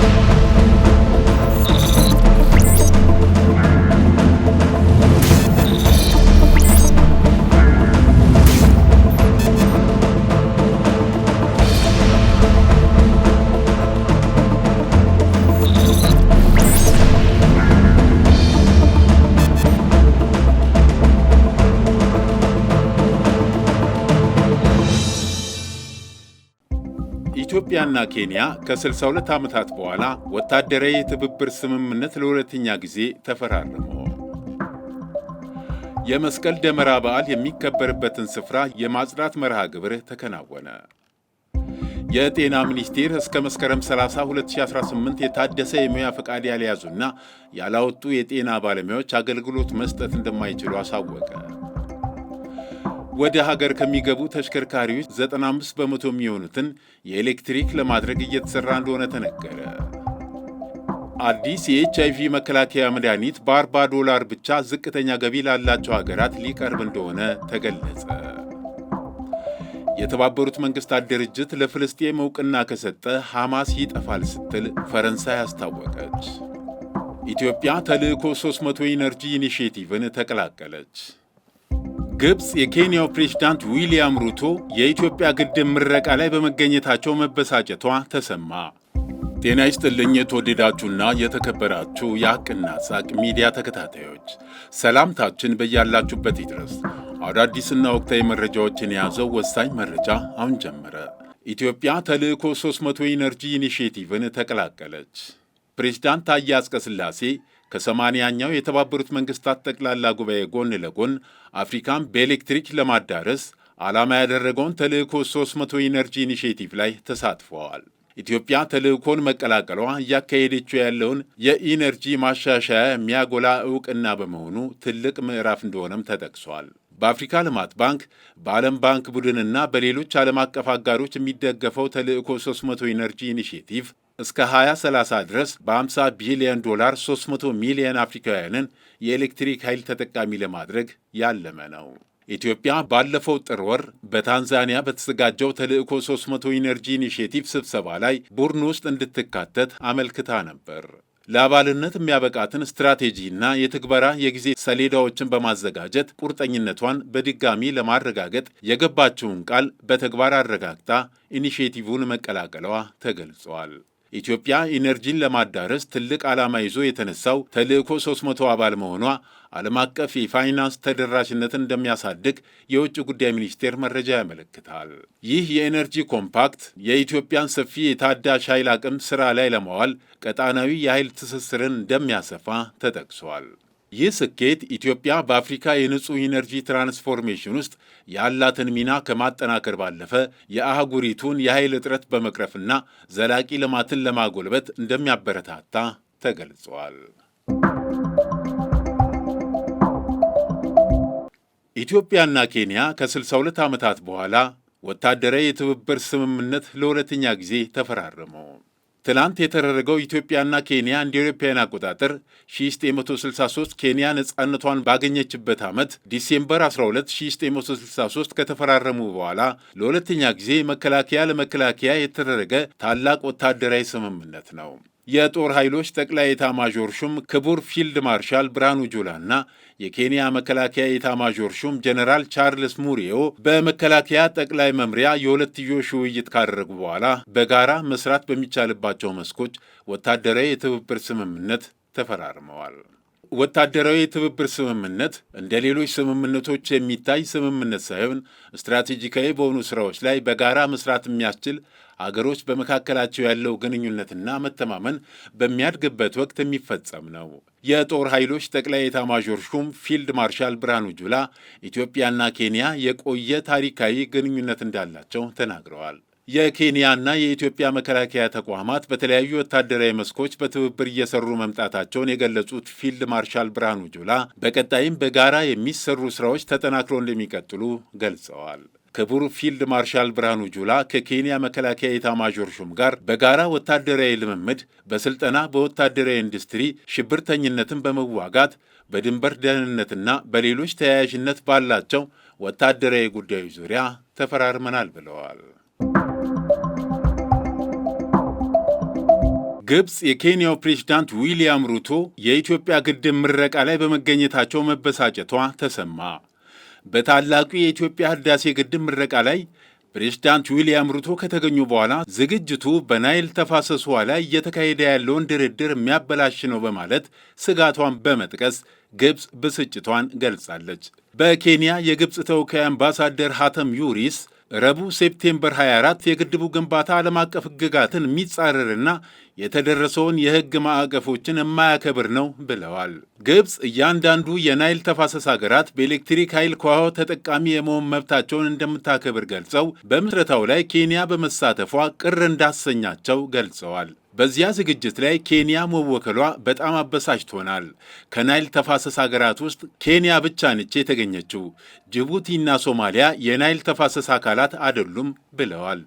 Thank you. ኢትዮጵያና ኬንያ ከ62 ዓመታት በኋላ ወታደራዊ የትብብር ስምምነት ለሁለተኛ ጊዜ ተፈራረሙ። የመስቀል ደመራ በዓል የሚከበርበትን ስፍራ የማጽዳት መርሃ ግብር ተከናወነ። የጤና ሚኒስቴር እስከ መስከረም 30 2018 የታደሰ የሙያ ፈቃድ ያልያዙና ያላወጡ የጤና ባለሙያዎች አገልግሎት መስጠት እንደማይችሉ አሳወቀ። ወደ ሀገር ከሚገቡ ተሽከርካሪዎች 95 በመቶ የሚሆኑትን የኤሌክትሪክ ለማድረግ እየተሰራ እንደሆነ ተነገረ። አዲስ የኤች አይቪ መከላከያ መድኃኒት በ40 ዶላር ብቻ ዝቅተኛ ገቢ ላላቸው ሀገራት ሊቀርብ እንደሆነ ተገለጸ። የተባበሩት መንግስታት ድርጅት ለፍልስጤም እውቅና ከሰጠ ሐማስ ይጠፋል ስትል ፈረንሳይ አስታወቀች። ኢትዮጵያ ተልእኮ 300 ኢነርጂ ኢኒሽቲቭን ተቀላቀለች። ግብፅ የኬንያው ፕሬዝዳንት ዊልያም ሩቶ የኢትዮጵያ ግድብ ምረቃ ላይ በመገኘታቸው መበሳጨቷ ተሰማ። ጤና ይስጥልኝ የተወደዳችሁና የተከበራችሁ የሐቅና ሳቅ ሚዲያ ተከታታዮች ሰላምታችን በያላችሁበት ይድረስ። አዳዲስና ወቅታዊ መረጃዎችን የያዘው ወሳኝ መረጃ አሁን ጀመረ። ኢትዮጵያ ተልዕኮ 300 ኢነርጂ ኢኒሽቲቭን ተቀላቀለች። ፕሬዝዳንት ታዬ አጽቀሥላሴ ከሰማንያኛው የተባበሩት መንግስታት ጠቅላላ ጉባኤ ጎን ለጎን አፍሪካን በኤሌክትሪክ ለማዳረስ ዓላማ ያደረገውን ተልእኮ 300 ኢነርጂ ኢኒሽቲቭ ላይ ተሳትፈዋል። ኢትዮጵያ ተልእኮን መቀላቀሏ እያካሄደችው ያለውን የኢነርጂ ማሻሻያ የሚያጎላ እውቅና በመሆኑ ትልቅ ምዕራፍ እንደሆነም ተጠቅሷል። በአፍሪካ ልማት ባንክ በዓለም ባንክ ቡድንና በሌሎች ዓለም አቀፍ አጋሮች የሚደገፈው ተልእኮ 300 ኢነርጂ ኢኒሽቲቭ እስከ 2030 ድረስ በ50 ቢሊዮን ዶላር 300 ሚሊዮን አፍሪካውያንን የኤሌክትሪክ ኃይል ተጠቃሚ ለማድረግ ያለመ ነው። ኢትዮጵያ ባለፈው ጥር ወር በታንዛኒያ በተዘጋጀው ተልዕኮ 300 ኢነርጂ ኢኒሽቲቭ ስብሰባ ላይ ቡድን ውስጥ እንድትካተት አመልክታ ነበር። ለአባልነት የሚያበቃትን ስትራቴጂና የትግበራ የጊዜ ሰሌዳዎችን በማዘጋጀት ቁርጠኝነቷን በድጋሚ ለማረጋገጥ የገባችውን ቃል በተግባር አረጋግጣ ኢኒሽቲቭን መቀላቀለዋ ተገልጿል። ኢትዮጵያ ኢነርጂን ለማዳረስ ትልቅ ዓላማ ይዞ የተነሳው ተልዕኮ 300 አባል መሆኗ ዓለም አቀፍ የፋይናንስ ተደራሽነትን እንደሚያሳድግ የውጭ ጉዳይ ሚኒስቴር መረጃ ያመለክታል። ይህ የኤነርጂ ኮምፓክት የኢትዮጵያን ሰፊ የታዳሽ ኃይል አቅም ሥራ ላይ ለማዋል ቀጣናዊ የኃይል ትስስርን እንደሚያሰፋ ተጠቅሷል። ይህ ስኬት ኢትዮጵያ በአፍሪካ የንጹህ ኢነርጂ ትራንስፎርሜሽን ውስጥ ያላትን ሚና ከማጠናከር ባለፈ የአህጉሪቱን የኃይል እጥረት በመቅረፍና ዘላቂ ልማትን ለማጎልበት እንደሚያበረታታ ተገልጿል። ኢትዮጵያና ኬንያ ከ62 ዓመታት በኋላ ወታደራዊ የትብብር ስምምነት ለሁለተኛ ጊዜ ተፈራረመው። ትናንት የተደረገው ኢትዮጵያና ኬንያ እንደ አውሮፓውያን አቆጣጠር 1963 ኬንያ ነፃነቷን ባገኘችበት ዓመት ዲሴምበር 12 1963 ከተፈራረሙ በኋላ ለሁለተኛ ጊዜ መከላከያ ለመከላከያ የተደረገ ታላቅ ወታደራዊ ስምምነት ነው። የጦር ኃይሎች ጠቅላይ ኤታማዦር ሹም ክቡር ፊልድ ማርሻል ብርሃኑ ጁላ እና የኬንያ መከላከያ ኤታማዦር ሹም ጀነራል ቻርልስ ሙሪዮ በመከላከያ ጠቅላይ መምሪያ የሁለትዮሽ ውይይት ካደረጉ በኋላ በጋራ መስራት በሚቻልባቸው መስኮች ወታደራዊ የትብብር ስምምነት ተፈራርመዋል። ወታደራዊ የትብብር ስምምነት እንደ ሌሎች ስምምነቶች የሚታይ ስምምነት ሳይሆን ስትራቴጂካዊ በሆኑ ስራዎች ላይ በጋራ መስራት የሚያስችል አገሮች በመካከላቸው ያለው ግንኙነትና መተማመን በሚያድግበት ወቅት የሚፈጸም ነው። የጦር ኃይሎች ጠቅላይ ኤታማዦር ሹም ፊልድ ማርሻል ብርሃኑ ጁላ ኢትዮጵያና ኬንያ የቆየ ታሪካዊ ግንኙነት እንዳላቸው ተናግረዋል። የኬንያና የኢትዮጵያ መከላከያ ተቋማት በተለያዩ ወታደራዊ መስኮች በትብብር እየሰሩ መምጣታቸውን የገለጹት ፊልድ ማርሻል ብርሃኑ ጁላ በቀጣይም በጋራ የሚሰሩ ስራዎች ተጠናክሮ እንደሚቀጥሉ ገልጸዋል። ክቡር ፊልድ ማርሻል ብርሃኑ ጁላ ከኬንያ መከላከያ ኤታማዦር ሹም ጋር በጋራ ወታደራዊ ልምምድ፣ በስልጠና፣ በወታደራዊ ኢንዱስትሪ፣ ሽብርተኝነትን በመዋጋት በድንበር ደህንነትና በሌሎች ተያያዥነት ባላቸው ወታደራዊ ጉዳዮች ዙሪያ ተፈራርመናል ብለዋል። ግብፅ የኬንያው ፕሬዝዳንት ዊልያም ሩቶ የኢትዮጵያ ግድብ ምረቃ ላይ በመገኘታቸው መበሳጨቷ ተሰማ። በታላቁ የኢትዮጵያ ህዳሴ ግድብ ምረቃ ላይ ፕሬዝዳንት ዊልያም ሩቶ ከተገኙ በኋላ ዝግጅቱ በናይል ተፋሰሷ ላይ እየተካሄደ ያለውን ድርድር የሚያበላሽ ነው በማለት ስጋቷን በመጥቀስ ግብፅ ብስጭቷን ገልጻለች። በኬንያ የግብፅ ተወካይ አምባሳደር ሀተም ዩሪስ ረቡዕ ሴፕቴምበር 24 የግድቡ ግንባታ ዓለም አቀፍ ሕግጋትን የሚጻረርና የተደረሰውን የሕግ ማዕቀፎችን የማያከብር ነው ብለዋል። ግብፅ እያንዳንዱ የናይል ተፋሰስ ሀገራት በኤሌክትሪክ ኃይል ኳሆ ተጠቃሚ የመሆን መብታቸውን እንደምታከብር ገልጸው በምስረታው ላይ ኬንያ በመሳተፏ ቅር እንዳሰኛቸው ገልጸዋል። በዚያ ዝግጅት ላይ ኬንያ መወከሏ በጣም አበሳጭቶናል። ከናይል ተፋሰስ ሀገራት ውስጥ ኬንያ ብቻ ነች የተገኘችው። ጅቡቲና ሶማሊያ የናይል ተፋሰስ አካላት አይደሉም ብለዋል።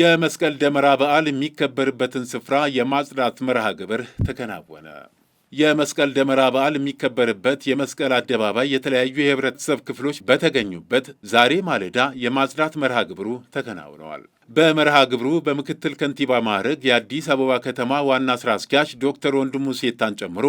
የመስቀል ደመራ በዓል የሚከበርበትን ስፍራ የማጽዳት መርሃ ግብር ተከናወነ። የመስቀል ደመራ በዓል የሚከበርበት የመስቀል አደባባይ የተለያዩ የህብረተሰብ ክፍሎች በተገኙበት ዛሬ ማለዳ የማጽዳት መርሃ ግብሩ ተከናውነዋል። በመርሃ ግብሩ በምክትል ከንቲባ ማዕረግ የአዲስ አበባ ከተማ ዋና ስራ አስኪያጅ ዶክተር ወንድሙ ሴታን ጨምሮ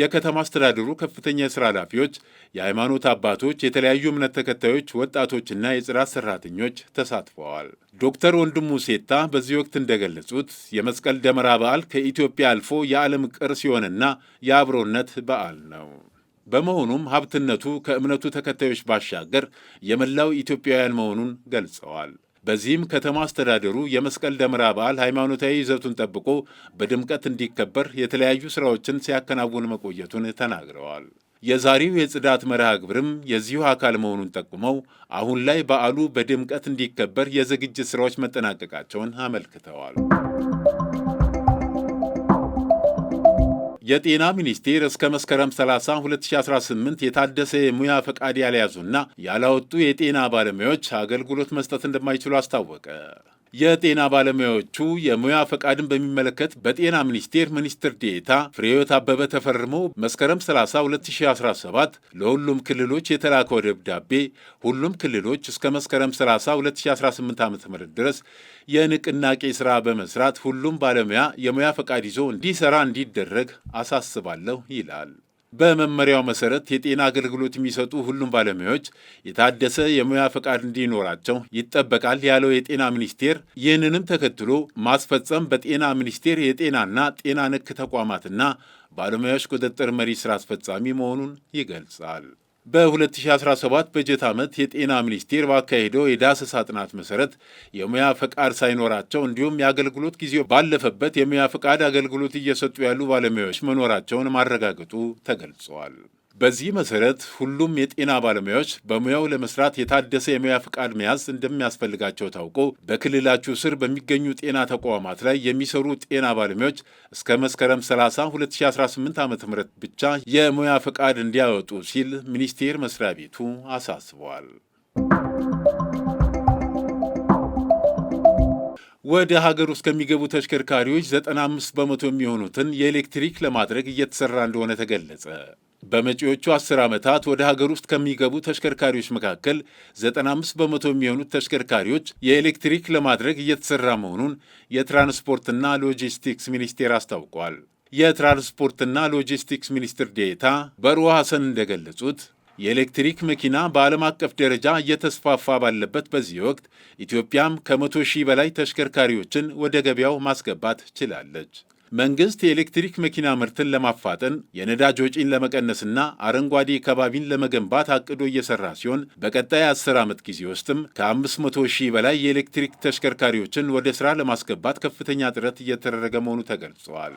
የከተማ አስተዳደሩ ከፍተኛ የስራ ኃላፊዎች፣ የሃይማኖት አባቶች፣ የተለያዩ እምነት ተከታዮች፣ ወጣቶችና የጽዳት ሰራተኞች ተሳትፈዋል። ዶክተር ወንድሙ ሴታ በዚህ ወቅት እንደገለጹት የመስቀል ደመራ በዓል ከኢትዮጵያ አልፎ የዓለም ቅርስ የሆነና የአብሮነት በዓል ነው። በመሆኑም ሀብትነቱ ከእምነቱ ተከታዮች ባሻገር የመላው ኢትዮጵያውያን መሆኑን ገልጸዋል። በዚህም ከተማ አስተዳደሩ የመስቀል ደመራ በዓል ሃይማኖታዊ ይዘቱን ጠብቆ በድምቀት እንዲከበር የተለያዩ ስራዎችን ሲያከናውን መቆየቱን ተናግረዋል። የዛሬው የጽዳት መርሃ ግብርም የዚሁ አካል መሆኑን ጠቁመው አሁን ላይ በዓሉ በድምቀት እንዲከበር የዝግጅት ስራዎች መጠናቀቃቸውን አመልክተዋል። የጤና ሚኒስቴር እስከ መስከረም 30 2018 የታደሰ የሙያ ፈቃድ ያልያዙና ያላወጡ የጤና ባለሙያዎች አገልግሎት መስጠት እንደማይችሉ አስታወቀ። የጤና ባለሙያዎቹ የሙያ ፈቃድን በሚመለከት በጤና ሚኒስቴር ሚኒስትር ዴኤታ ፍሬሕይወት አበበ ተፈርሞ መስከረም 30 2017 ለሁሉም ክልሎች የተላከው ደብዳቤ ሁሉም ክልሎች እስከ መስከረም 30 2018 ዓ ም ድረስ የንቅናቄ ሥራ በመስራት ሁሉም ባለሙያ የሙያ ፈቃድ ይዞ እንዲሠራ እንዲደረግ አሳስባለሁ ይላል። በመመሪያው መሰረት የጤና አገልግሎት የሚሰጡ ሁሉም ባለሙያዎች የታደሰ የሙያ ፈቃድ እንዲኖራቸው ይጠበቃል ያለው የጤና ሚኒስቴር፣ ይህንንም ተከትሎ ማስፈጸም በጤና ሚኒስቴር የጤናና ጤና ነክ ተቋማትና ባለሙያዎች ቁጥጥር መሪ ስራ አስፈጻሚ መሆኑን ይገልጻል። በ2017 በጀት ዓመት የጤና ሚኒስቴር ባካሄደው የዳሰሳ ጥናት መሠረት የሙያ ፈቃድ ሳይኖራቸው እንዲሁም የአገልግሎት ጊዜ ባለፈበት የሙያ ፈቃድ አገልግሎት እየሰጡ ያሉ ባለሙያዎች መኖራቸውን ማረጋገጡ ተገልጸዋል። በዚህ መሰረት ሁሉም የጤና ባለሙያዎች በሙያው ለመስራት የታደሰ የሙያ ፍቃድ መያዝ እንደሚያስፈልጋቸው ታውቆ በክልላችሁ ስር በሚገኙ ጤና ተቋማት ላይ የሚሰሩ ጤና ባለሙያዎች እስከ መስከረም 30 2018 ዓ ም ብቻ የሙያ ፍቃድ እንዲያወጡ ሲል ሚኒስቴር መስሪያ ቤቱ አሳስበዋል። ወደ ሀገር ውስጥ ከሚገቡ ተሽከርካሪዎች 95 በመቶ የሚሆኑትን የኤሌክትሪክ ለማድረግ እየተሰራ እንደሆነ ተገለጸ። በመጪዎቹ አስር ዓመታት ወደ ሀገር ውስጥ ከሚገቡ ተሽከርካሪዎች መካከል 95 በመቶ የሚሆኑት ተሽከርካሪዎች የኤሌክትሪክ ለማድረግ እየተሰራ መሆኑን የትራንስፖርትና ሎጂስቲክስ ሚኒስቴር አስታውቋል። የትራንስፖርትና ሎጂስቲክስ ሚኒስትር ዴኤታ በሩዋ ሐሰን እንደገለጹት የኤሌክትሪክ መኪና በዓለም አቀፍ ደረጃ እየተስፋፋ ባለበት በዚህ ወቅት ኢትዮጵያም ከመቶ ሺህ በላይ ተሽከርካሪዎችን ወደ ገበያው ማስገባት ችላለች። መንግስት የኤሌክትሪክ መኪና ምርትን ለማፋጠን የነዳጅ ወጪን ለመቀነስና አረንጓዴ ከባቢን ለመገንባት አቅዶ እየሰራ ሲሆን በቀጣይ 10 ዓመት ጊዜ ውስጥም ከ500 ሺህ በላይ የኤሌክትሪክ ተሽከርካሪዎችን ወደ ሥራ ለማስገባት ከፍተኛ ጥረት እየተደረገ መሆኑ ተገልጿል።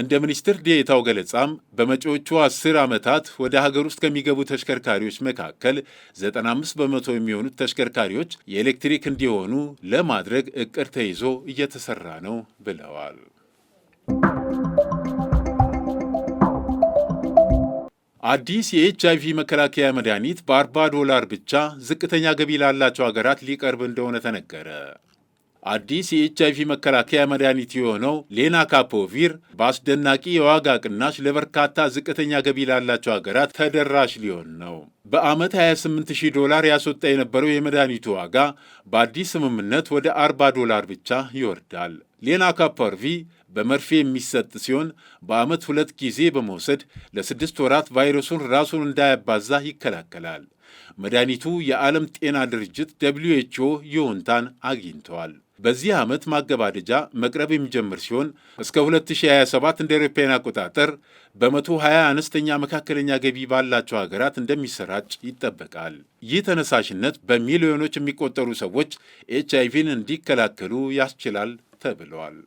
እንደ ሚኒስትር ዴኤታው ገለጻም በመጪዎቹ አስር ዓመታት ወደ ሀገር ውስጥ ከሚገቡ ተሽከርካሪዎች መካከል 95 በመቶ የሚሆኑት ተሽከርካሪዎች የኤሌክትሪክ እንዲሆኑ ለማድረግ እቅድ ተይዞ እየተሰራ ነው ብለዋል። አዲስ የኤችአይቪ መከላከያ መድኃኒት በ40 ዶላር ብቻ ዝቅተኛ ገቢ ላላቸው ሀገራት ሊቀርብ እንደሆነ ተነገረ። አዲስ የኤችአይቪ መከላከያ መድኃኒት የሆነው ሌና ካፖቪር በአስደናቂ የዋጋ ቅናሽ ለበርካታ ዝቅተኛ ገቢ ላላቸው ሀገራት ተደራሽ ሊሆን ነው። በዓመት 28000 ዶላር ያስወጣ የነበረው የመድኃኒቱ ዋጋ በአዲስ ስምምነት ወደ 40 ዶላር ብቻ ይወርዳል። ካፓርቪ በመርፌ የሚሰጥ ሲሆን በዓመት ሁለት ጊዜ በመውሰድ ለስድስት ወራት ቫይረሱን ራሱን እንዳያባዛ ይከላከላል። መድኃኒቱ የዓለም ጤና ድርጅት ደብሊዩ ኤችኦ ይሁንታን አግኝተዋል። በዚህ ዓመት ማገባደጃ መቅረብ የሚጀምር ሲሆን እስከ 2027 እንደ ኤሮፓውያን አቆጣጠር በ 20 አነስተኛ መካከለኛ ገቢ ባላቸው ሀገራት እንደሚሰራጭ ይጠበቃል። ይህ ተነሳሽነት በሚሊዮኖች የሚቆጠሩ ሰዎች ኤች አይቪን እንዲከላከሉ ያስችላል ተብሏል።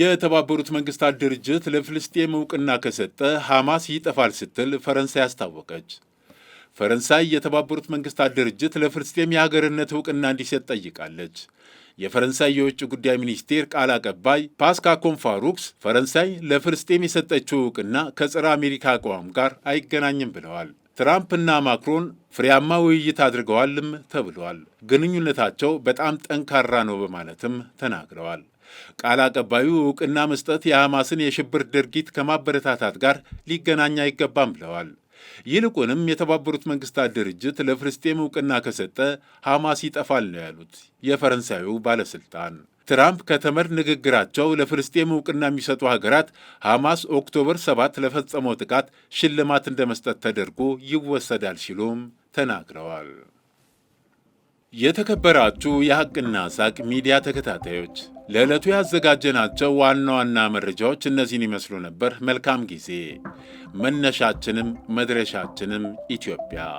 የተባበሩት መንግስታት ድርጅት ለፍልስጤም እውቅና ከሰጠ ሐማስ ይጠፋል ስትል ፈረንሳይ አስታወቀች። ፈረንሳይ የተባበሩት መንግስታት ድርጅት ለፍልስጤም የሀገርነት እውቅና እንዲሰጥ ጠይቃለች። የፈረንሳይ የውጭ ጉዳይ ሚኒስቴር ቃል አቀባይ ፓስካ ኮንፋሩክስ ፈረንሳይ ለፍልስጤም የሰጠችው እውቅና ከጸረ አሜሪካ አቋም ጋር አይገናኝም ብለዋል። ትራምፕና ማክሮን ፍሬያማ ውይይት አድርገዋልም ተብለዋል። ግንኙነታቸው በጣም ጠንካራ ነው በማለትም ተናግረዋል። ቃል አቀባዩ እውቅና መስጠት የሐማስን የሽብር ድርጊት ከማበረታታት ጋር ሊገናኝ አይገባም ብለዋል። ይልቁንም የተባበሩት መንግስታት ድርጅት ለፍልስጤም እውቅና ከሰጠ ሐማስ ይጠፋል ነው ያሉት የፈረንሳዩ ባለሥልጣን። ትራምፕ ከተመድ ንግግራቸው ለፍልስጤም እውቅና የሚሰጡ ሀገራት ሐማስ ኦክቶበር 7 ለፈጸመው ጥቃት ሽልማት እንደመስጠት ተደርጎ ይወሰዳል ሲሉም ተናግረዋል። የተከበራችሁ የሐቅና ሳቅ ሚዲያ ተከታታዮች ለዕለቱ ያዘጋጀናቸው ዋና ዋና መረጃዎች እነዚህን ይመስሉ ነበር። መልካም ጊዜ። መነሻችንም መድረሻችንም ኢትዮጵያ